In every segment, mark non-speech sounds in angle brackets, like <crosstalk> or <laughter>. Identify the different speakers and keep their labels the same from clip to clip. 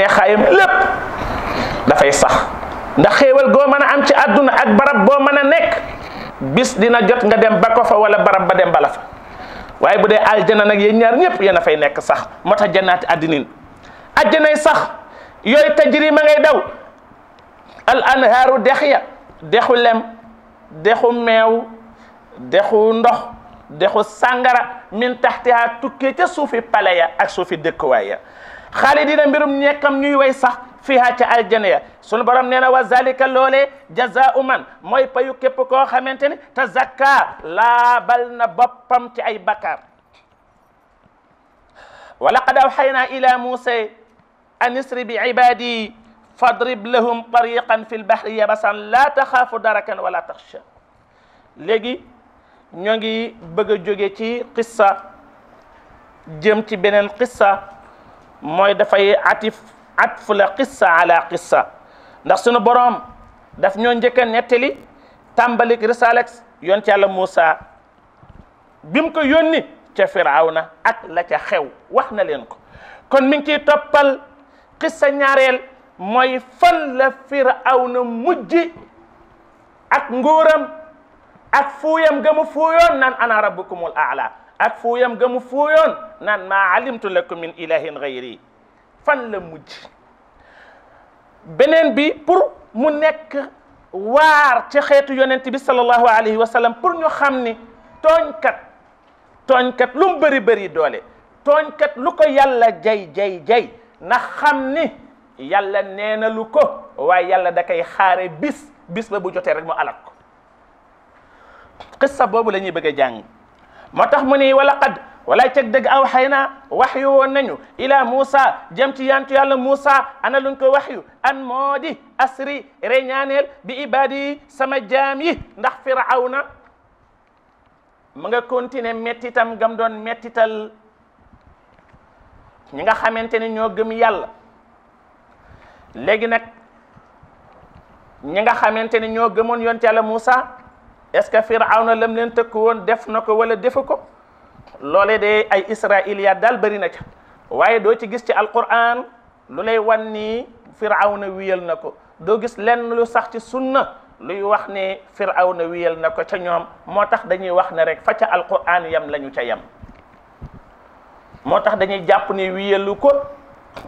Speaker 1: neexaayam lépp dafay sax ndax xéewal goo mën a am ci àdduna ak barab boo mën a nekk bis dina jot nga dem ba ko fa wala barab ba dem bala fa waaye bu dee aljana nag yéen ñaar ñëpp yéen a fay nekk sax moo tax jannaati addinin ajjanay sax yooyu tajri ma ngay daw al anhaaru dex ya dexu lem dexu meew dexu ndox dexu sàngara min taxtiha tukkee ca suufi pale ya ak suufi dëkkuwaay ya خالدين بيرم نيكام نيو واي صح فيها تا الجنة سون برام نينا وزالك اللولي جزاء من موي بايو كيب كو خامنتين تزكا لا بل نبابم تي اي بكار ولقد أوحينا إلى موسى أن يسر بعبادي فاضرب لهم طريقا في البحر يبسا لا تخاف دركا ولا تخشى لغي نيغي بغا تي قصه جمتي تي بنن قصه mooy dafay atif atf la qissa ala qissa ndax sunu boroom daf ñoo njëkk a nettali tàmbalik risalex yoon ci yàlla Moussa bi mu ko yónni ca Firawna ak la ca xew wax na leen ko kon mi ngi ciy toppal qissa ñaareel mooy fan la Firawna mujj ak nguuram ak fuuyam ga mu fuuyoon naan ana rabbukumul aala ak fuuyam ga mu fuuyoon naan maa alimtu lakum min ilahin gayri fan la mujj beneen bi pour mu nekk waar ci xeetu yonent bi sallallahu alayhi wa sallam pour ñu xam ni tooñkat tooñkat lu mu bëri bëri doole tooñkat lu ko yàlla jay jay jay na xam ni yàlla neena lu ko waaye yàlla da koy xaare bis bis ba bu jotee rek mu alal ko xissa boobu la ñuy bëgg a jàng moo tax mu ni walla qad walaay ceg dëgg aw xëy na waxyu woon nañu ila Moussa jëm ci yantu yàlla Moussa ana luñ ko waxyu an moo di asri reñaaneel bi ibadi sama jaam yi ndax firawna mu nga continuer mettitam gam doon mettital ñi nga xamante ne ñoo gëm yàlla léegi nag ñi nga xamante ne ñoo yoon yonte yàlla Moussa est-ce que Firawna lam leen tëkk woon def na ko wala defu ko loole de ay israiliyaat daal bari na ca waaye doo ci gis ci alquran lu lay wan ni Firawna wiyal na ko doo gis lenn lu sax ci sunna luy wax ne Firawna wiyal na ko ca ñoom moo tax dañuy wax ne rek fa ca alquran yam lañu ca yam moo tax dañuy jàpp ni wiyalu ko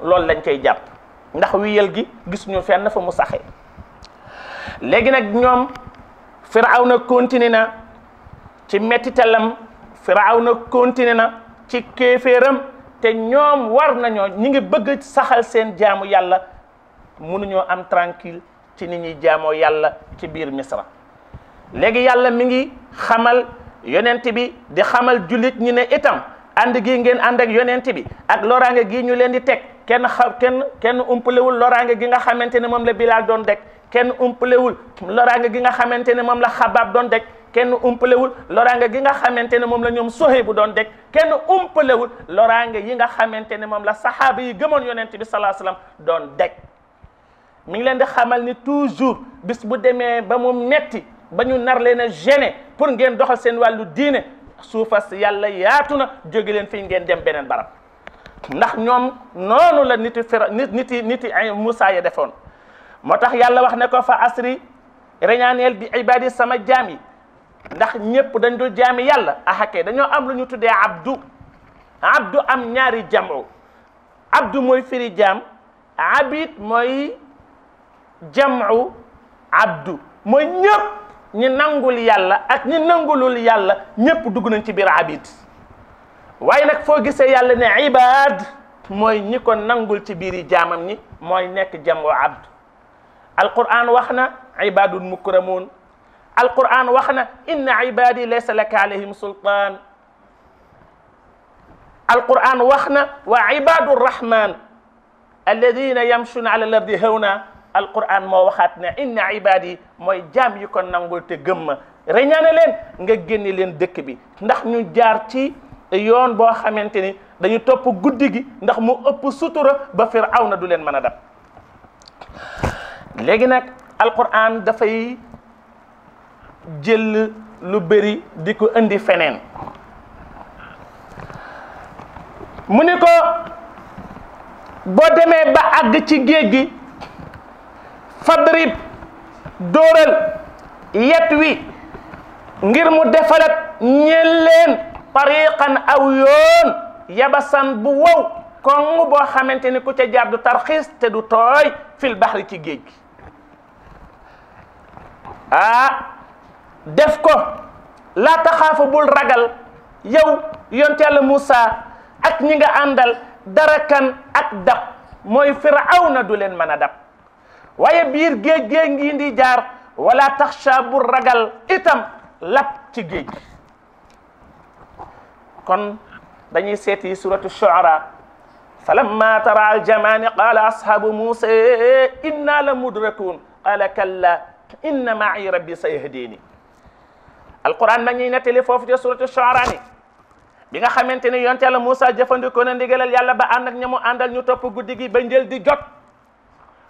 Speaker 1: loolu lañ koy jàpp ndax wiyal gi gis ñu fenn fa mu saxee léegi nag ñoom. na continué na ci mettitalam firawna continué na ci kéeféeram te ñoom war nañoo ñi ngi bëgg saxal seen jaamu yàlla mënuñoo am tranquille ci nit ñuy jaamoo yàlla ci biir misra léegi yàlla mi ngi xamal yonent bi di xamal jullit ñi ne itam ànd gi ngeen ànd ak yonent bi ak loraange gi ñu leen di teg kenn xa kenn kenn umpalewul loraange gi nga xamante ne moom la Bilaal doon dekk kenn umpalewul loraange gi nga xamante ne moom la xabaab doon deg kenn umpalewul loraange gi nga xamante ne moom la ñoom sohe bu doon deg kenn umpalewul loraange yi nga xamante ne moom la saxaaba yi gëmoon yonent bi salaa salaam doon deg mi ngi leen di xamal ni toujours bis bu demee ba mu metti ba ñu nar leen a gêné pour ngeen doxal seen wàllu diine suufas yàlla yaatu na jóge leen fii ngeen dem beneen barab ndax ñoom noonu la niti fira niti nitti ay Moussa ya defoon moo tax yàlla wax ne ko fa asri reñaaneel bi ibadi sama jaam yi ndax ñépp dañ dul jaami yàlla ahake dañoo am lu ñu tuddee abdu abdu am ñaari jamu abdu mooy firi jaam abid mooy jamu abdu mooy ñépp ñi nangul yàlla ak ñi nangulul yàlla ñépp dugg nañ ci biir abid waaye nag foo gisee yàlla ne ibaad mooy ñi ko nangul ci biiri jaamam ñi mooy nekk jamu abdu alquran wax na ibadun mukramun alquran wax na inna ibadi laysa laka alayhim sultan alquran wax na wa ibadu rahman alladina yamshuna ala lardi hawna alquran moo waxaat ne inna ibadi mooy jaam yi ko nangul te gëm ma reñaane leen nga génne leen dëkk bi ndax ñu jaar ci yoon boo xamante ni dañu topp guddi gi ndax mu ëpp sutura ba firaw na du leen mën a dab léegi nag alquran dafay jël lu bëri di ko indi feneen mu ni ko boo demee ba àgg ci géej gi fadrib dóoral yet wi ngir mu defalat ñeel leen tariqan aw yoon yabasan bu wow kong boo xamante ni ku ca jaar du tarxiis te du tooy fil baxri ci géej gi ah def ko laa taxaafa bul ragal yow yontel musa Moussa ak ñi nga àndal dara kan ak dab mooy firawna du leen mën a dab waaye biir géej géej ngi di jaar wala taxsha bul ragal itam lap ci géej kon dañuy seeti suratu shuara falamma tara aljamaani qala ashabu musa inna la mudrakun qala inna ma'i rabbi sayahdini alquran ma ngi netele fofu te suratu shuara ni bi nga xamanteni yonte la musa jefandiko na ndigalal yalla ba anak ak ñamu andal ñu top guddi gi ba njël di jot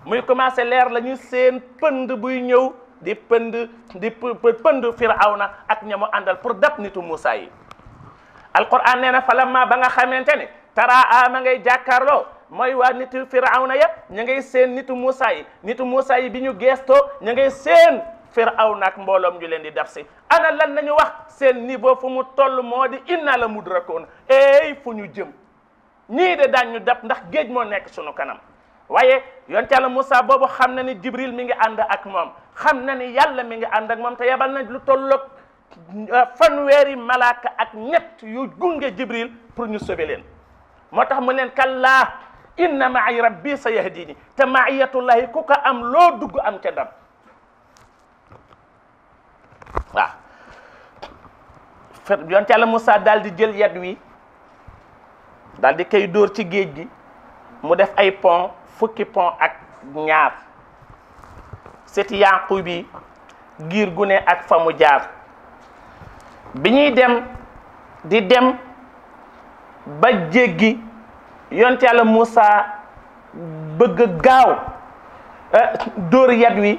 Speaker 1: muy commencé leer lañu seen pënd buy ñew di pënd di pënd fir'auna ak ñamu andal pour dab nitu Musa. yi alquran neena na falamma ba nga xamanteni tara a ma ngay jakarlo moy wa nitu fir'auna ya ña ngay seen nitu Musa, yi nitu Musa yi biñu gesto geestoo ngay seen fir'auna ak mbolom ñu leen di daf si ana lan nañu wax seen bo fu mu toll modi inna la ey fu ñu jëm ñi de dañu dab ndax geej mo nek suñu kanam waye yon yàlla Musa boobu ni Jibril mi nga and ak mom xamna ni yalla mi nga and ak mom te yabal na lu tolloog euh, fanweri malaka ak ñett yu gunge Jibril pour ñu sobe leen mu len inna maay rabbi sa yahdini te maayatullahi ku ko am loo dugg am ca ndam waaw fet yonte Yàlla Moussa daal jël yet wi daldi kay koy dóor ci géej gi mu def ay pont fukki pont ak ñaar seti yàqu bi giir gune ak fa mu jaar bi ñuy dem di dem ba jéggi yont yàlla Moussa bëgg gaaw eh, dóor yat wi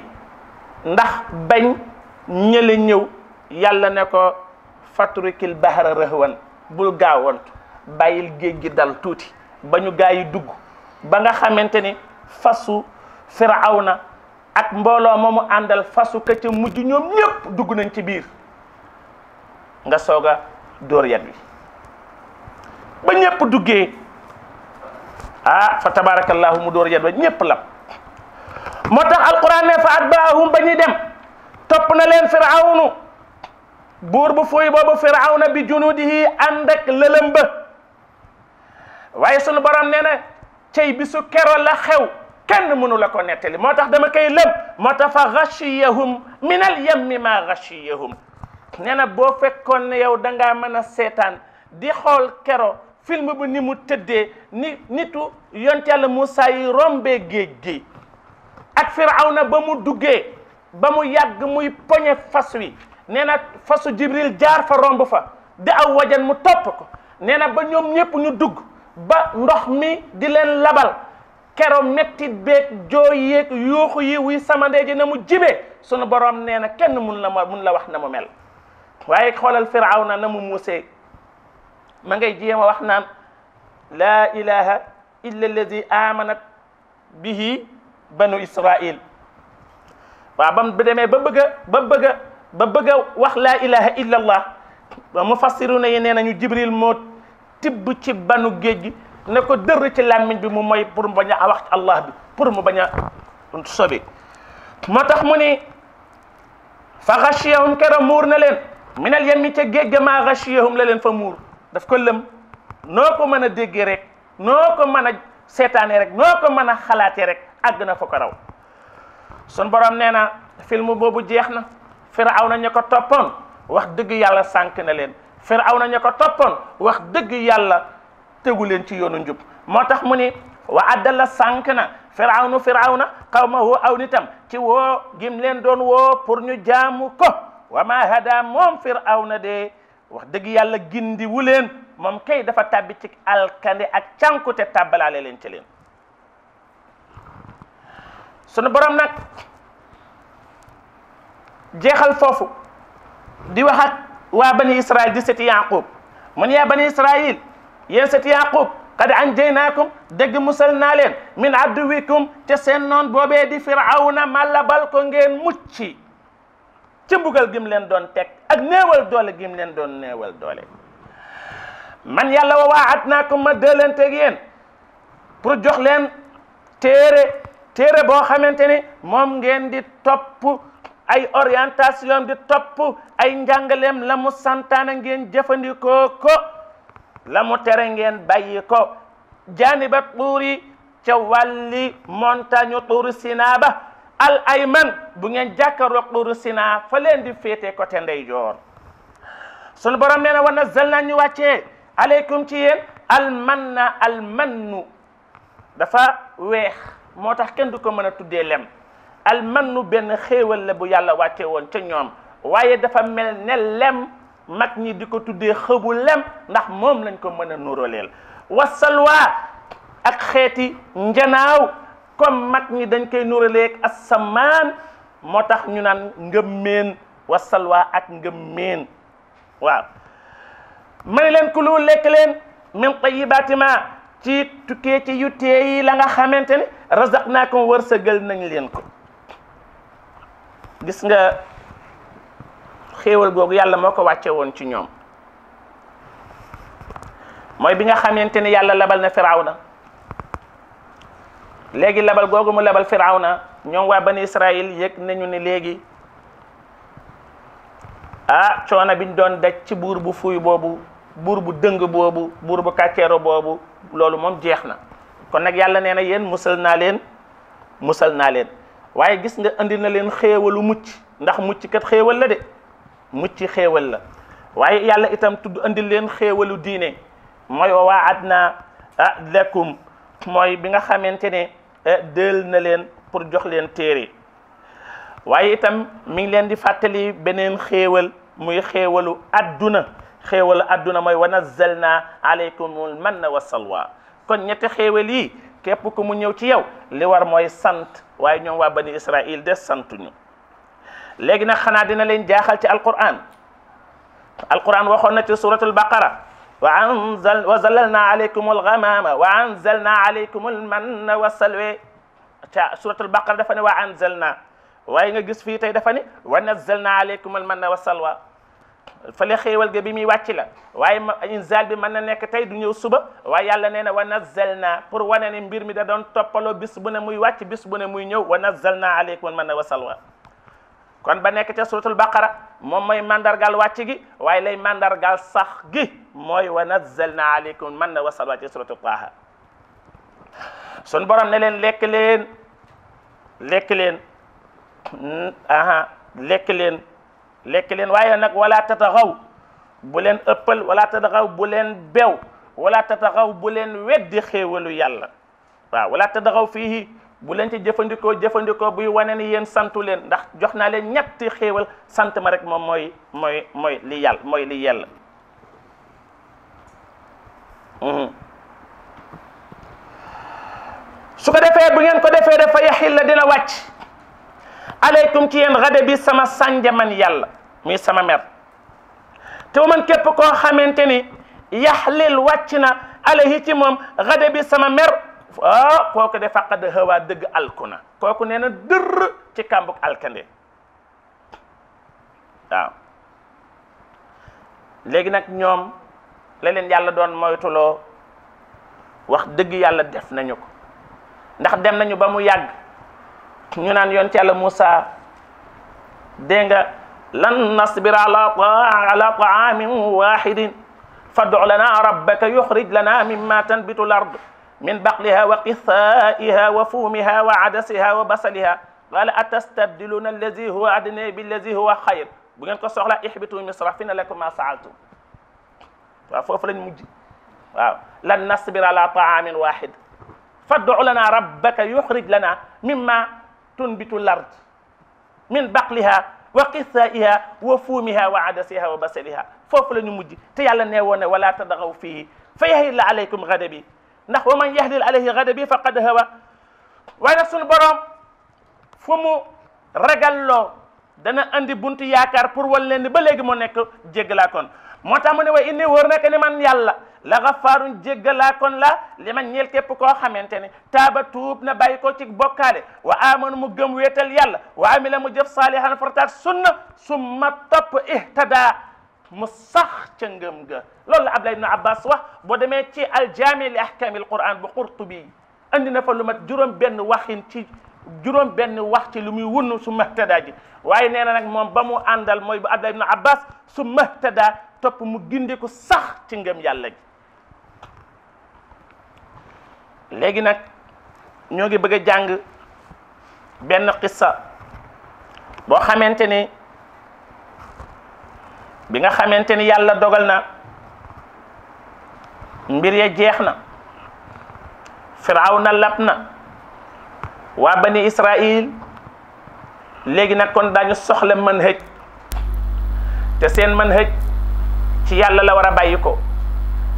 Speaker 1: ndax bañ ñële ñëw yàlla ne ko fatrikil bahra rëhwan bul gaawantu bàyyil géej gi dal tuuti ba ñu gaa yi dugg ba nga xamante ni fasu na ak mbooloo moomu àndal fasu këcc ca mujj ñoom ñépp dugg nañ ci biir nga soog a dóor yat wi ba ñépp duggee ah fa tabarakallahu mu door yet ba ñépp lam moo tax alquran ne fa atbaahum ba ñuy dem topp na leen firawnu buur bu fuy boobu firawna bi junuudihi ànd ak lëlëm ba waaye sunu borom nee na cey bisu kero la xew kenn mënu la ko nettali moo tax dama koy lëm moo tax fa gashiyahum minal al yammi ma gashiyahum nee na boo fekkoon ne yow da mën a seetaan di xool kero film bi ni mu tëddee nit nitu yonte yàlla Moussa yi rombee géej gi ak Firawna ba mu duggee ba mu yàgg muy poñe fas wi nee na fasu Jibril jaar fa romb fa di aw wajan mu topp ko nee na ba ñoom ñëpp ñu dugg ba ndox mi di leen labal kero mettit beeg jooy yeeg yuuxu yi wuy samandee ji na mu jibee sunu borom nee na kenn mun la ma mun la wax na mu mel waaye xoolal Firawna na mu muusee ما غاي جيما واخنان لا اله الا الذي امنت به بنو اسرائيل با بام با ببجا ببجا بغا با بغا لا اله الا الله ومفسرون ينينا نيو جبريل مو تيب سي بنو جيج نكو در سي لامين بي مو موي بور مبا الله بي بور مبا نيا سوبي متاخ موني فغشيهم كرمورنا لين من اليم تي ما غشيهم لين فمور daf ko lëm noo ko mën a déggee rek noo ko mën a seetaanee rek noo ko mën a xalaatee rek àgg na fa ko raw sun borom nee na film boobu jeex na Firawna ñu ko toppoon wax dëgg yàlla sànk na leen Firawna ñu ko toppoon wax dëgg yàlla tegu leen ci yoonu njub moo tax mu ni wa addala sànk na Firawnu Firawna qawmahu aw nitam ci woo gim leen doon woo pour ñu jaamu ko wa ma hada moom Firawna de wax dëgg yàlla gindi wu leen moom kay dafa tàbbi ci alkande ak cànkute tàbbalaale leen ci leen sunu borom nag jeexal foofu di waxat ak waa bani israil di seti yaqub mun yaa bani israil yéen seti qad anjaynaakum dëgg musal naa leen min adduwikum te seen noon boobee di firawna màlla bal ko ngeen mucci ca mbugal gim leen doon teg ak néewal doole gim leen doon néewal doole man yàlla wa waat naa ko ma dëlanteeg yéen pour jox leen téere boo xamante ni moom ngeen di topp ay orientation di topp ay njàngaleem la mu santaana ngeen jëfandikoo ko la mu tere ngeen bàyyi ko jaaniba tuuri ca wàlli montagne tuuri sinaaba al ayman bu ngeen jàkkaarloog duuru Sinaa fa len di féete côté jor sun borom neena na wa nazzalnaa ñu wacce alaykum ci yéen al manna al mannu dafa weex motax ken du ko meuna a lem al mannu ben xéewal la bu yàlla wàcce won ci ñom waye dafa mel ne lem mag ñi diko ko xëbu lem ndax mom lañ ko meuna nurolel wasalwa ak xéti njanaaw comme mag ñi dañ koy nuraleeg samaan moo tax ñu naan ngëm wasal waa ak ngëm meen waaw mani leen ku lu lekk leen min tayibaati ma ci tukkee ci yu teey yi la nga xamante ne razaq naa ko wërsëgal nañ leen ko gis nga xéewal googu yàlla moo ko wàcce woon ci ñoom mooy bi nga xamante ne yàlla labal na na léegi lebal googu mu lebal firawna ñoom waa bani israil yëg nañu ne léegi ah coono biñ doon daj ci buur bu fuy boobu buur bu dëng boobu buur bu kàcceero boobu loolu moom jeex na kon nag yàlla nee na yéen musal naa leen musal naa leen waaye gis nga indi na leen xéewalu mucc ndax mucc kat xéewal la de mucc xéewal la waaye yàlla itam tudd indi leen xéewalu diine mooy waadna lakum mooy bi nga xamante ne dël na leen pour jox leen téere waaye itam mi ngi leen di fàttali beneen xéewal muy xéewalu adduna xéewalu adduna mooy wa nazalna alaykumul manna wa salwa kon ñetti xéewal yi képp ku mu ñëw ci yow li war mooy sant waaye ñoom waa bani israil des santuñu léegi nag xanaa dina leen jaaxal ci alquran alquran waxoon na ci suratul baqara وانزل وزللنا عليكم الغمام وانزلنا عليكم المن والسلوى سوره البقره دافاني وانزلنا وايغا غيس في تاي دافاني ونزلنا عليكم المن والسلوى فلي خيوال غبي مي واتي لا واي انزال بي من نيك تاي دنيو صبا واي يالا ونزلنا بور واني مبير مي دا دون توبالو بيس بو ني موي واتي ونزلنا عليكم المن والسلوى kon ba nek ci suratul baqara moom mooy mandargal wàcc gi way lay mandargal sax gi moy wa nazzalna alaykum man wa wasalwa ci suratul taha sun borom ne len lek len lek len aha lek len lek len waye nak wala tataxaw bu len ëppal wala tataxaw bu len bew wala tataxaw bu len weddi xewelu yàlla wa wala tataxaw fihi bu leen ci jëfëndiko jëfëndiko buy wane ni yéen santu len ndax jox naa leen ñetti xéewal sant ma rek mom moy moy moy li yal moy li yàlla su ko defé bu ngeen ko defé da fa yahil dina wàcc alaykum ci yéen gade bi sama sànja man yàlla muy sama mer te man képp ko xamanteni yahlil wàcc na alayhi ci mom gade bi sama mer ah kooku de faqad hawa dëgg alkuna kooku nee na dërr ci kàmbuk alkande waaw léegi nag ñoom la leen yàlla doon moytuloo wax dëgg yàlla def nañu ko ndax dem nañu ba mu yàgg ñu naan yoon ci yàlla Moussa dégg nga lan nasbira ala ala taamin wahidin fad'u lana rabbaka yukhrij lana mimma tanbitu l-ard من بقلها وقثائها وفومها وعدسها وبصلها قال اتستبدلون الذي هو ادنى بالذي هو خير بغنك سوخلا احبطوا مصر فين لكم ما سالتم فوف لا مجي واو لن نصبر على طعام واحد فادع لنا ربك يخرج لنا مما تنبت الارض من بقلها وقثائها وفومها وعدسها وبصلها فوف لا مجي تي يالا ولا تدغوا فيه فيهل عليكم غدبي ndax wa man yahlil alayhi ghadabi faqad hawa waaye nag suñu borom fumu mu lo dana andi buntu yaakaar pour wal len ba legi mo nek djegla kon moo mo ne way inni wor na ni man yàlla la gafaarun djegla kon la liman ñel kep ko xamanteni taba tub na bayiko ci bokale wa amanu mu gëm wetal yàlla wa amila mu jëf salihan fartaat sunna summa topp ihtada mu sax cëngëm ngëm ga loolu la Abdullah ibn Abbas wax boo demee ci aljaami li ahkaamil Qur'an bu Qurtubi andi na fa lu mat juróom benn waxin ci juróom benn wax ci lu muy wunnu su mahtada ji waaye nee na nag moom ba mu àndal mooy bu Abdullah ibn Abbas su mahtada topp mu gindi ko sax ci ngëm yàlla ji léegi nag ñoo ngi bëgg a jàng benn qissa boo xamante ni bi nga xamanteni yàlla dogal na mbir ya jeex na firawna lab na waa bani israil legi nak kon dañu soxla man hëj te seen man hëj ci yàlla la wara bayiko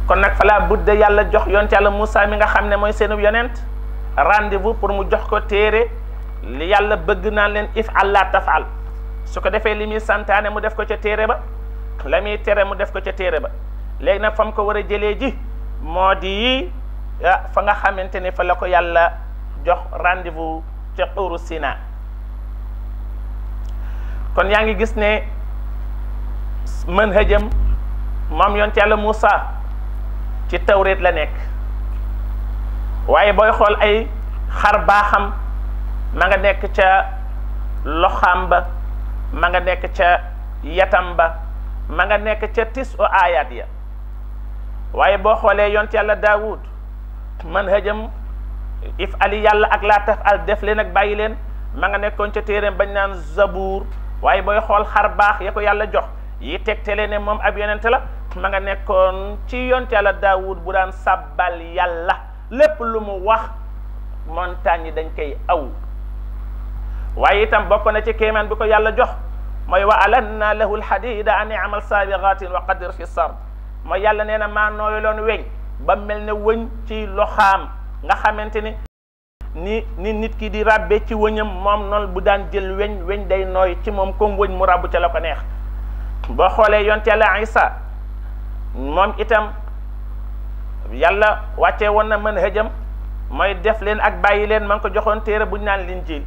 Speaker 1: kon nak fala budde yàlla jox yonte yàlla musa mi nga xamne moy mooy seenu yonent rendez-vous pour mu jox ko téré li yàlla bëgg na len if allah tafal su ko defee li muy mu def ko ci téré ba la muy tere mu def ko ca téere ba léegi nag fa mu ko war a jëlee ji moo di ah, fa nga xamante ni fa la ko yàlla jox rendez-vous ca xuuru Sina kon yaa ngi gis ne mën hëjëm moom yonent yàlla Moussa ci tawreet la nekk waaye booy xool ay xar baaxam ma nga nekk ca loxaam ba ma nga nekk ca yatam ba ma nga nekk ca tis o aayaat ya waaye boo xoolee ci yàlla daawud man hëjam if ali yàlla ak laa taf al def leen ak bàyyi leen ma nga nekkoon ca téeréem bañ naan zabuur waaye booy xool xar baax ya ko yàlla jox yi teg tegtale ne moom ab yonent la ma nga nekkoon ci ci yàlla daawud bu daan sàbbal yàlla lépp lu mu wax montagne yi dañ koy aw waaye itam bokk na ci kéemaan bi ko yàlla jox ما wa له الحديد lhadida an سابقات وقدر في qadir ما sard ما نويلون وين na وين تي لخام ba mel ni nit ki di ràbbe ci wëñam mom non bu daan jël weñ weñ day noy ci mom ko wëñ mu ràbbu ci la ko neex boo xolé yonte yàlla isa mom itam yàlla wàcce woon na mën hëjam moy def leen ak bayi leen man ko joxon téré bu naan linjiil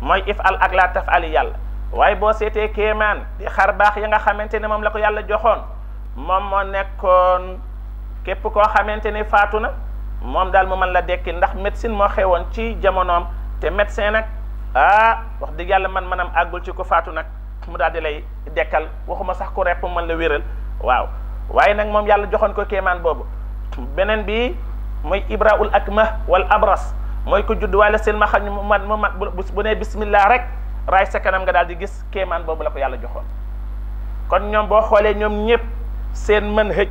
Speaker 1: mooy if al ak la tafali yàlla waaye boo seetee man di xar bax yi nga xamanteni mom la ko yàlla joxone mom mo nekkon képp ko xamanteni fatuna mom dal mo man la dekki ndax médecine mo xewon ci jamonoom te médecin nak ah wax di yàlla man manam agul ci ko faatu nak mu dal di lay dekkal waxuma sax ko rep man la wéral waw waaye nak mom yàlla joxone ko kéemaan bobu benen bi moy ibraul akmah wal abras moy ko judd waale silma xam mu mat mu mat bu ne bismillah rek raay sa kanam nga daal di gis kéemaan boobu la ko yàlla joxoon kon ñoom boo xoolee ñoom ñëpp seen mën hëj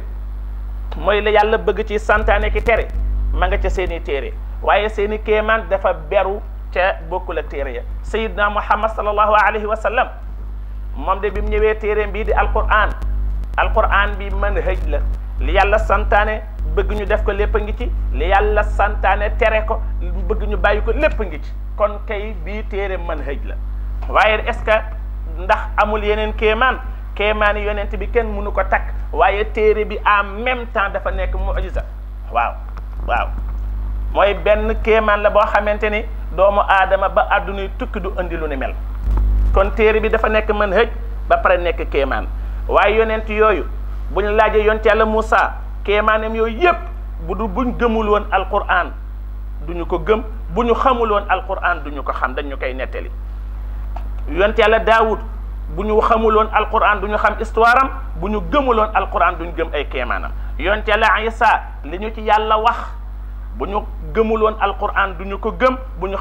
Speaker 1: mooy la yàlla bëgg ci santaane ki tere ma nga ca seen téere waaye seen i kéemaan dafa beru ca bokkul ak téere ya sayidna muhammad sallallahu alayhi wa sallam moom de bi mu ñëwee téere bii di alquran alquran bi mën hëj la li yàlla santaane bëgg ñu def ko lépp a ngi ci li yàlla santaane tere ko bëgg ñu bàyyi ko lépp a ngi ci kon kay bii téere mën hëj la waaye est-ce que ndax amul yeneen kéemaan kéemaan yi yonent bi kenn mënu ko takk waaye téere bi en même temps dafa nekk mujiza waaw waaw mooy benn kéemaan la boo xamante ni doomu aadama ba àdduna tukki du indi lu ni mel kon téere bi dafa nekk mën hëj ba pare nekk kéemaan waaye yonent yooyu bu ñu yoon ci yàlla Moussa kéemaanam yooyu yépp bu du buñ gëmul woon alquran duñu ko gëm bu ñu xamul woon alquran duñu ko xam dañu koy nettali yonent yàlla daawud bu ñu alquran du ñu xam histoire am bu alquran du ñu gëm ay kéemaanam yonent yàlla isa li ci yàlla wax bu ñu alquran du ñu ko gëm bu ñu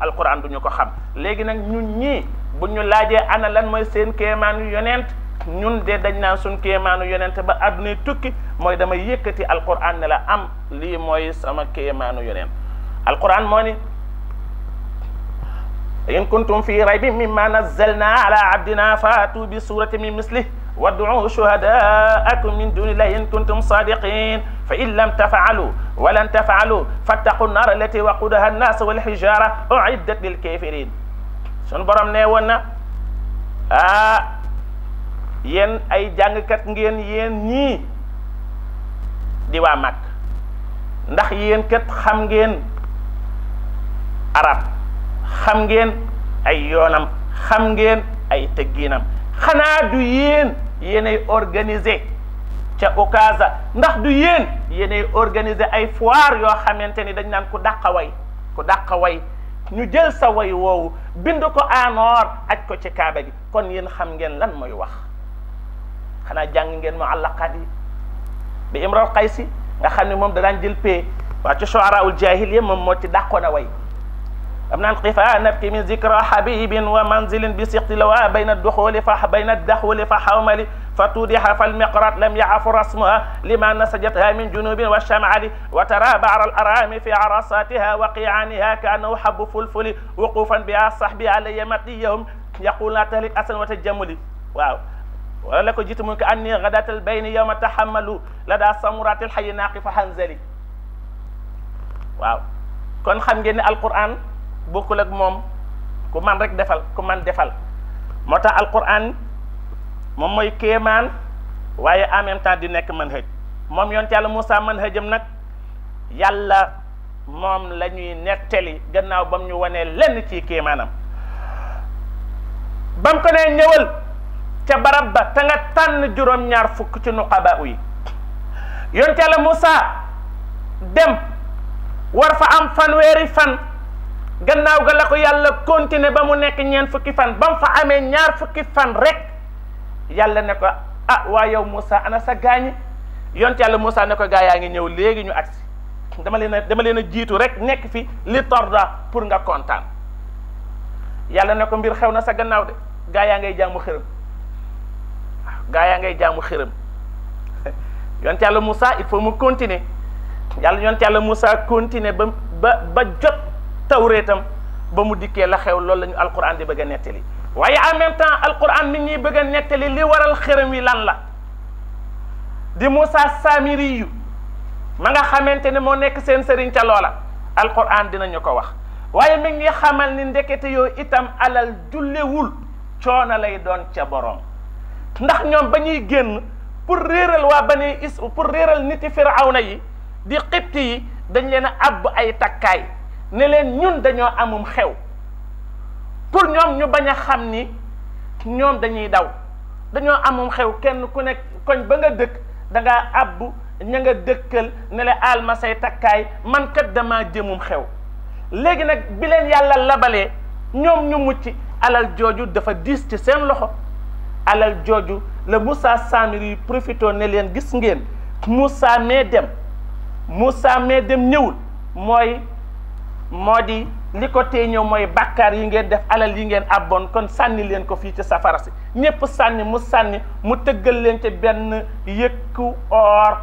Speaker 1: alquran du ñu ko xam léegi nag ñun ñii bu ñu ana lan mooy seen kéemaanu yonent ñun de dañ naan suñ kéemaanu yonent ba àdduna tukki mooy damay yëkkati alquran ne la am li mooy sama kemanu yonent alquran moo إن كنتم في ريب مما نزلنا على عبدنا فاتوا بسورة من مثله وادعوا شهداءكم من دون الله إن كنتم صادقين فإن لم تفعلوا ولن تفعلوا فاتقوا النار التي وقودها الناس والحجارة أعدت للكافرين شنو برام نيوانا آه ين أي جانج كتنجين ين ني ديوامك ndax yéen kat xam ngeen arab xam ngeen ay yoonam xam ngeen ay tëggiinam xanaa du yéen yéenay organise ca Okaasa ndax du yéen yéenay organiser ay foire yoo xamante ni dañ naan ku dàqa way ku dàqa way ñu jël sa way woowu bind ko anoor aj ko ci kaaba gi kon yéen xam ngeen lan mooy wax xanaa jàng ngeen mu àllaqaat yi bi Imral Qaysi nga xam ne moom da daan jël pee waa ci shuaraul jahiliya moom moo ci dàqoon way أمن نعم، القفاء نبكي من ذكرى حبيب ومنزل بسقط لواء بين الدخول فح بين الدخول فحومل فتودح فالمقرات لم يعفر اسمها لما نسجتها من جنوب والشمعلي وترى بعر الارام في عرصاتها وقيعانها كأنه حب فلفل وقوفا بها الصحب علي مطيهم يقول لا تهلك أسن وتجملي واو ولك جيت منك أني غداة البين يوم تحمل لدى سمرات الحي ناقف حنزلي واو كون خم القرآن bokkul ak moom ku man rek defal ku man defal moo tax alquran moom mooy kéemaan waaye en même di nekk mën hëj moom yonent yàlla Moussa mën hëjam nag yàlla moom la ñuy nettali gannaaw ba mu ñu wanee lenn ci kéemaanam ba mu ko nee ñëwal ca barab ba te nga tànn juróom-ñaar fukk ci nuqaba yi yonent yàlla Moussa dem war fa am fanweeri fan gannaaw ga la ko yàlla continuer ba mu nekk ñeent fukki fan ba mu fa amee ñaar fukki fan rek yàlla ne ko ah waa yow Moussa ana sa gaañi yont yàlla Moussa ne ko gaa yaa ngi ñëw léegi ñu agsi dama leen dama leen a jiitu rek nekk fi li torda pour nga kontaan yàlla ne ko mbir xew na sa gannaaw de gaa yaa ngay jaamu xërëm gaa yaa ngay jaamu xërëm <laughs> yont yàlla Moussa il faut mu continuer yàlla yont yàlla Moussa continuer ba ba ba jot tawreetam ba mu dikkee la xew loolu lañu ñu alquran di bëgg a nettali waaye en même temps alquran mi ñuy bëgg a nettali li waral xërëm yi lan la di Moussa Samiri yu ma nga xamante ne moo nekk seen sëriñ ca loola alquran dinañu ko wax waaye mi ngi xamal ni ndekete yoo itam alal jullewul coono lay doon ca boroom ndax ñoom ba ñuy génn pour réeral waa bani is pour réeral niti firawna yi di xibti yi dañ leen a àbb ay takkaay ne leen ñun dañoo amum xew pour ñoom ñu bañ a xam ni ñoom dañuy daw dañoo amum xew kenn ku nekk koñ ba nga dëkk danga ngaa abbu ña nga dëkkal ne la aal ma say takkaay man kat damaa jëmum xew léegi nag bi leen yàlla labalee ñoom ñu mucc alal jooju dafa diis ci seen loxo alal jooju la Moussa Samiri yi profitoo ne leen gis ngeen Moussa mee dem Moussa mee dem ñëwul mooy. moo di li ko tee ñëw mooy bàkkaar yi ngeen def alal yi ngeen abboon kon sànni leen ko fii ci safara si ñépp sànni mu sànni mu tëggal leen ci benn yëkku or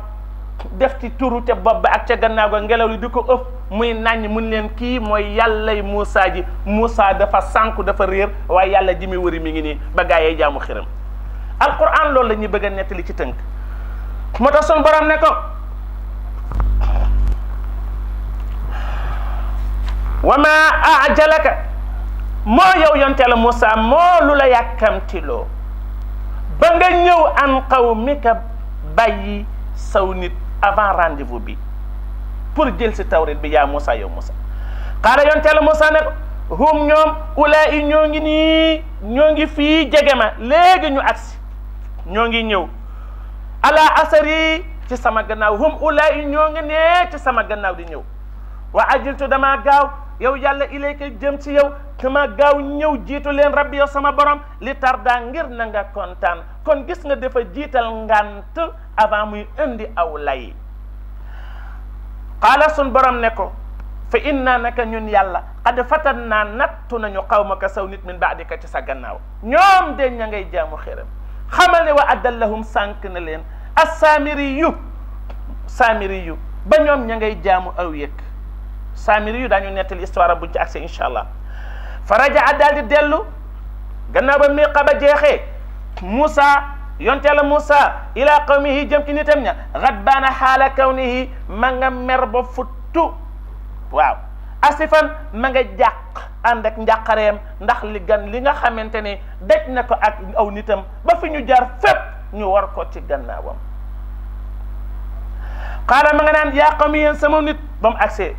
Speaker 1: def ci turu te bopp ba ak ca gannaaw ga ngelaw li di ko ëpp muy nàññ mun leen kii mooy yàllay Moussa ji Moussa dafa sànku dafa réer waaye yàlla ji muy mi ngi nii ba gaa yee jaamu xiram alquran loolu la ñuy bëgg a nettali ci tënk moo tax sun borom ne ko wa ma ajalaka moo yow yonte la Moussa moo lu la yàkkamtiloo ba nga ñëw an qawmika bàyyi saw nit avant rendez-vous bi pour jël si tawrit bi yaa Moussa yow Moussa xaala yonte la Moussa hum ñoom ulaa i ñoo ngi nii ñoo ngi fii jege ma léegi ñu ñoo ngi ñëw ala ci sama gannaaw hum ulaa i ci sama gannaaw di ñëw wa ajiltu damaa gaaw yow yàlla ilayka jëm ci yow kama gaaw ñëw jiitu leen rabbi yow sama borom li tarda ngir na nga kontaan kon gis nga defa jiital ngànt avant muy indi aw lay qaala sun borom ne ko fa inna naka ñun yàlla qad fatan naa nattu nañu qawmaka saw nit min baadika ci sa gannaaw ñoom de ña ngay jaamu xéram xamal ne wa addallahum sànk na leen assaamiri yu saamiri yu ba ñoom ña ngay jaamu aw yëkk samir yu dañu netal histoire bu ci accès inshallah faraja adal di delu gannaaw ba miqa ba Musa musa yonte ila qawmihi jëm ci nitam nya ghadbana hala kawnihi ma nga mer ba futtu waw asifan ma nga jàq ak ndax li gan li nga xamantene daj ak aw nitam ba fi ñu jaar ñu war ko ci gannaawam
Speaker 2: qala ma nga nan ya
Speaker 1: qawmi sama nit bam accès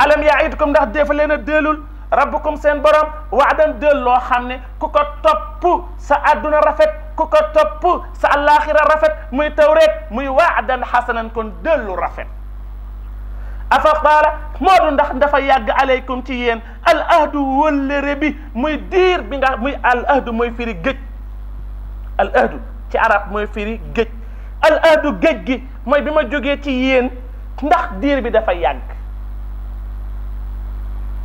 Speaker 1: alam yaidkum ndax defa leen a dellul rabbukum seen borom waadan del loo xam ne ku ko topp sa àdduna rafet ku ko topp sa àllaaxira rafet muy tawreet muy waadan xasanan kon dellu rafet afa qaala moo du ndax dafa yàgg aleykum ci yéen al ahdu wëllëre bi muy diir bi nga muy al ahdu mooy firi géej al ahdu ci arab mooy firi géej al ahdu géej gi mooy bi ma jógee ci yéen ndax diir bi dafa yàgg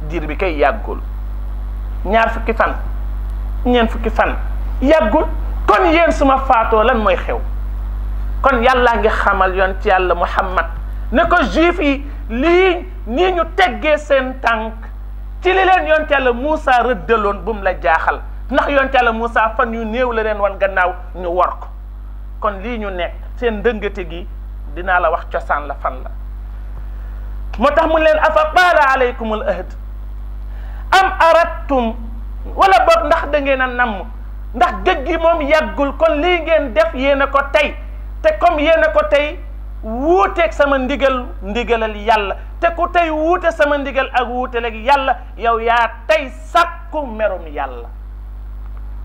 Speaker 1: diir bi kay yàggul ñaar fukki fan ñeent fukki fan yàggul kon yéen suma faatoo lan mooy xew kon yàllaa ngi xamal yoon ci yàlla muhammad ne ko juif yi lii nii ñu teggee seen tànk ci li leen yoon ci yàlla Moussa rëddaloon bu la jaaxal ndax yoon ci yàlla Moussa fan yu néew la leen wan gannaaw ñu war ko kon lii ñu nekk seen ndëngate gi dinaa la wax cosaan la fan la moo tax mu leen afa baala aleykumul ahd am arattum wala boog ndax dangeen ngeen a namm ndax dëj gi moom yàggul kon lii ngeen def yéen a ko tey te comme yéen ko tey wuuteeg sama ndigal ndigalal yàlla te ku tey wuute sama ndigal ak wuute wuuteleeg yàlla yow yaa tey sàkku merum yàlla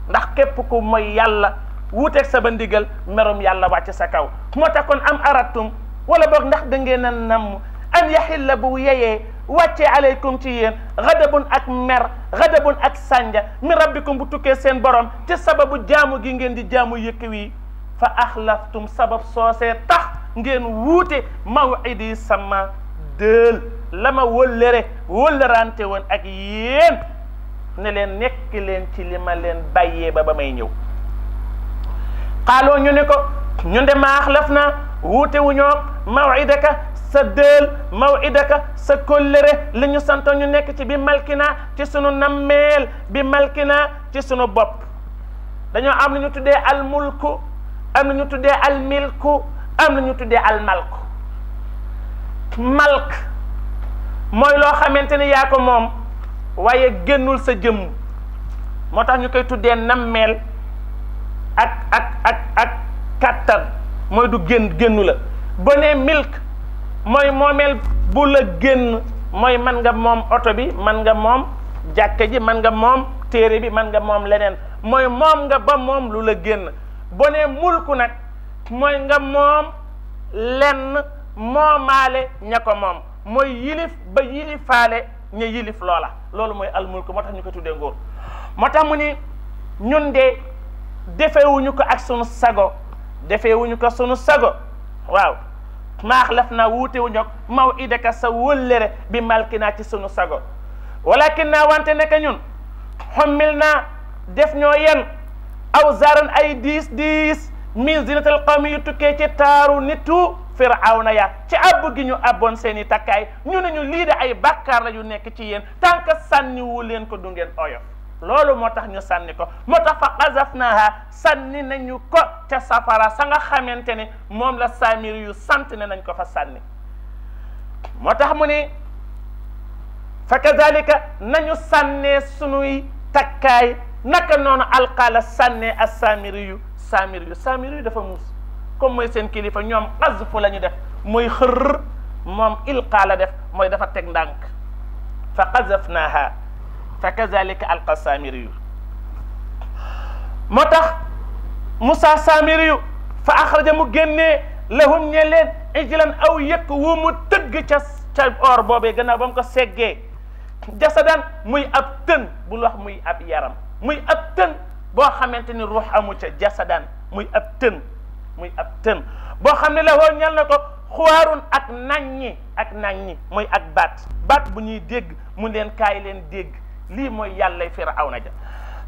Speaker 1: ndax képp ku moy yàlla wuuteeg sama ndigal merum yàlla wàcc sa kaw moo tax kon am arattum wala boog ndax da ngeen a namm an la bu yeyee واتي عليكم تيين غضب اك مر غضب اك سانجا من ربكم بو توكي سين بروم تي سبب جامو جي نين دي جامو ييكوي فاخلفتم سبب سوسه تخ نين ووتي موعدي سما دل لما وولري وولرانتي وون اك يين نلين نيك لين تي لما لين بايي بابا نيكو ني ما ووتي وño موعدك sa dël mawidaka sa kóllëre li ñu santo ñu nekk ci bi malkina ci sunu nammeel bi malkina ci sunu bopp dañoo am lu ñu tuddee almulku am tuddee almilku am lu ñu tuddee almalku malk mooy loo xamante ni yaa ko moom waaye génnul sa jëmm moo tax ñu koy tuddee nammeel ak ak ak ak kàttan mooy du génn génnu la boo milk mooy moomeel bu la génn mooy man nga moom oto bi man nga moom jàkka ji man nga moom téere bi man nga moom leneen mooy moom nga ba moom lu la génn boo nee mulku nag mooy nga moom lenn moomaale ña ko moom mooy yilif ba yilifaale ña yilif loola loolu mooy almulku moo tax ñu ko tuddee nguur moo tax mu ni ñun de defewuñu ko ak sunu sago defewuñu ko sunu sago waaw maax laf naa wuute wu ñoog maw idaka sa wëllëre bi malki naa ci sunu sago walakin naa wante nekk ñun xommil naa def ñoo yen aw zaran ay diis diis min zinatal qawmi yu tukkee ci taaru nitu firawna ya ci àbb gi ñu àbboon seeni i takkaay ñu ne ñu lii de ay bàkkaar la yu nekk ci yéen tant que sànniwu leen ko du ngeen oyof lolu motax ñu sànni ko motax fa qazafnaha sànni nañu ko ca safara sa nga xamantene mom la samir yu sant ne nañ ko fa sànni motax mu ne fa kadhalika nañu sanne sunuy takkay naka non alqala sanne ak saamir yu samir yu samir yu dafa mus comme moy sen kilifa ñom qazfu lañu def moy xërr mom ilqala def moy dafa tek ndànk fa qazafnaha fa kazalika alqa moo tax Moussa saamiri yu fa axraja mu génnee lahum ñe leen ijlan aw yëkk wu mu tëgg ca ca or boobee gannaaw ba mu ko seggee jasadaan muy ab tën bu wax muy ab yaram muy ab tën boo xamante ni ruux ca jasadaan muy ab tën muy ab tën boo xam ne la woo ñal ko xuwaarun ak nañ ñi ak nañ ñi mooy ak baat bu ñuy dégg mu leen kaay leen dégg lii mooy yàllay firawna ja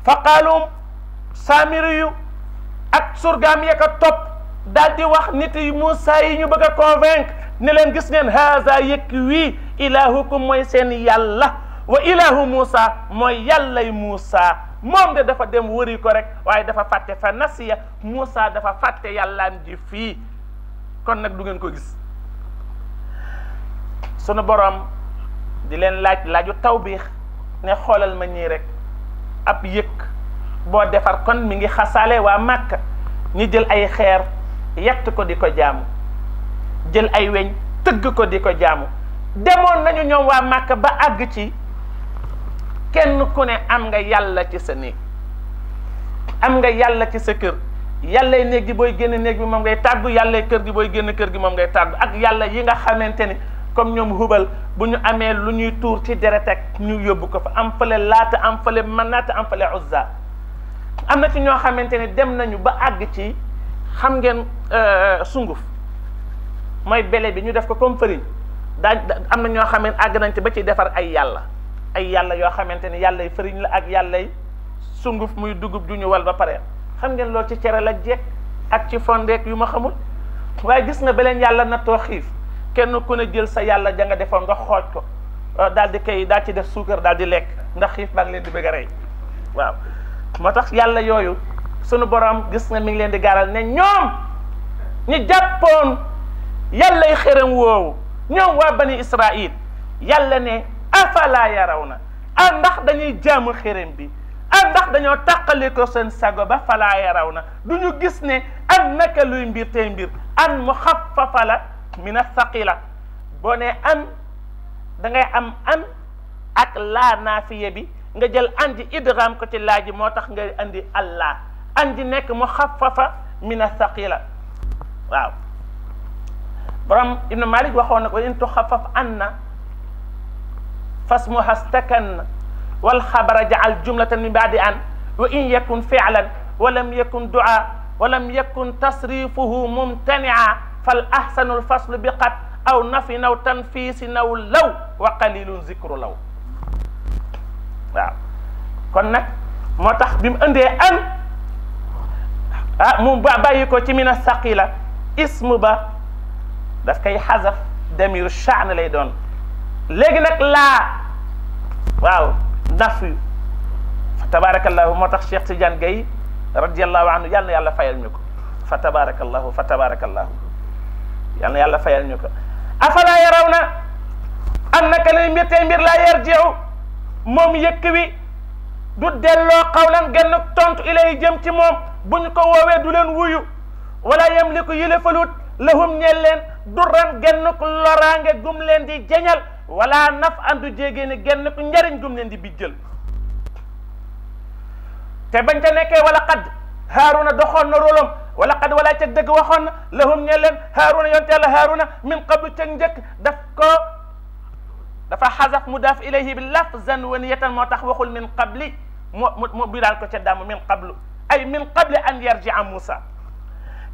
Speaker 1: fa qaalum saamiri yu ak surgaam ya ko topp daal di wax nit yi Moussa yi ñu bëgg a convaincre ne leen gis ngeen haza yëkk wii ilaahukum mooy seen yàlla wa ilaahu Moussa mooy yàllay Moussa moom de dafa dem wëri ko rek waaye dafa fàtte fa nasiya Moussa dafa fàtte yàllaam ji fii kon nag du ngeen ko gis sunu borom di leen laaj laaju tawbiix ne xoolal ma ñii rek ab yëkk boo defar kon mi ngi xasaale waa màkk ñu jël ay xeer yett ko di ko jaamu jël ay weñ tëgg ko di ko jaamu demoon nañu ñoom waa màkk ba àgg ci kenn ku ne am nga yàlla ci sa néeg am nga yàlla ci sa kër yàlla néeg gi booy génn néeg bi moom ngay tàggu yàllay kër gi booy génn kër gi moom ngay tàggu ak yàlla yi nga xamante ni comme ñoom hubal bu ñu amee lu ñuy tuur ci deret ak ñu yóbbu ko fa am fale laata am fale manaata am fale uzza am na ci ñoo xamante ne dem nañu ba àgg ci xam ngeen euh, sunguf mooy bele bi ñu def ko comme farine daa am na ñoo xamante àgg nañ ci ba ci defar ay yàlla ay yàlla yoo xamante ne yàllay farine la ak yàllay sunguf muy dugub ju ñu wal ba pare xam ngeen lool ci cere la jeeg ak ci fondeek yu ma xamul waaye gis nga beneen yàlla nattoo xiif kenn ku ne jël sa yàlla janga defoon nga xooj ko daal kay daal ci def suukar daal di lekk ndax xiif baa ngi leen di bëgg rey waaw moo tax yàlla yooyu sunu borom gis nga mi ngi leen di gaaral ne ñoom ñi jàppoon yàllay xëram woowu ñoom waa bani israil yàlla ne afala yaraw na ah ndax dañuy jaamu xëram bi ah ndax dañoo tàqali ko seen sago ba falaa yaraw na du ñu gis ne an naka luy mbir tey mbir an mu xaffafa la min athaqila boo nee an da ngay am an ak laa naafiya bi nga jël an ji idgham ko ci laa ji moo tax nga andi allah an ji nekk mu xafafa min athaqila waaw borom ibnu malik waxoon na ko in tuxafaf anna fasmuha stakan wal xabara jacal jumlatan min baadi an wa in yakun ficlan wa lam yakun duca wa lam yakun tasrifuhu mumtanica فالأحسن الفصل بقط أو نفي أو تنفيس أو لو وقليل ذكر لو كون نك موتاخ بيم اندي ان مو با بايكو تي من الثقيله اسم با دا كاي حذف دمير الشعن لي دون لا واو نفي فتبارك الله موتاخ شيخ تيجان جاي رضي الله عنه يالنا يالا فايل نيكو فتبارك الله فتبارك الله na yàlla fayal ñu ko yaraw na
Speaker 2: am naka lay mbir tey mbir laa yar jeew
Speaker 1: moom yëkk du delloo xawlan genn tontu ilay jëm ci moom bu ñu ko woowee du leen wuyu wala yamliku yilifalut lahum ñel leen durran genn ku loraange gum leen di jañal wala naf andu jégee ni genn ku njariñ gum leen di bijjël te bañ ca nekkee wala xadd haaruna doxoon na rolam ولقد ولا تدق وخن لهم نيلن هارون ينتل هارون من قبل تنجك دفكو دفا حذف مداف اليه باللفظ ونيه موتاخ وخل من قبل مو بيدال كو تدام من قبل اي من قبل ان يرجع موسى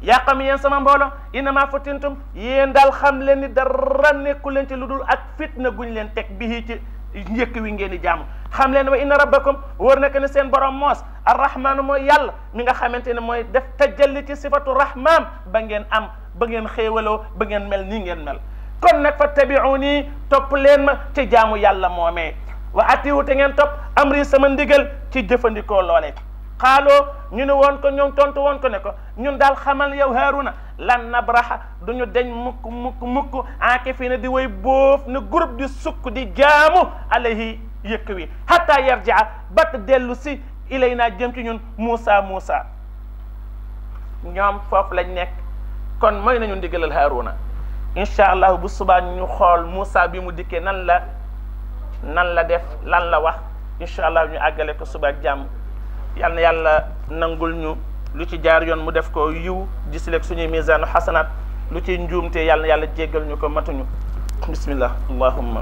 Speaker 1: يا قوم ين سما مبولو انما فتنتم يين دال خملني درن كولنتي لودول اك فتنه غن لين تك بيتي njëkk wi ngeen di jaamu xam leen wa inna rabbakum war na ne seen borom moos arrahmaanu mooy yàlla mi nga xamante ne mooy def ta tajalli ci sifatu rahmaan ba ngeen am ba ngeen xéewaloo ba ngeen mel nii ngeen mel kon nag fa tabiu nii topp leen ma ci jaamu yàlla moomee wa atiwu te ngeen topp amri sama ndigal ci jëfandikoo loole xaaloo ñu ne woon ko ñoom tontu woon ko ne ko ñun daal xamal yow Haaruna lan nabraha du ñu deñ mukk mukk mukk anke fii ne di way boof ne groupe di sukk di jaamu alayhi yëkk wi hatta yarjaa bat dellu si ilay naa jëm ci ñun Moussa Moussa ñoom foofu lañ nekk kon mooy nañu ndigalal Haaruna incha allah bu subaa ñu xool Moussa bi mu dikkee nan la nan la def lan la wax incha allah ñu àggale ko suba ak jàmm yal yàlla nangul ñu lu ci jaar yoon mu def ko yiw gisileeg suñuy misaanu xasanaat lu ci njuumte yàlla yàlla jéggal ñu ko matuñu bismillah allahumma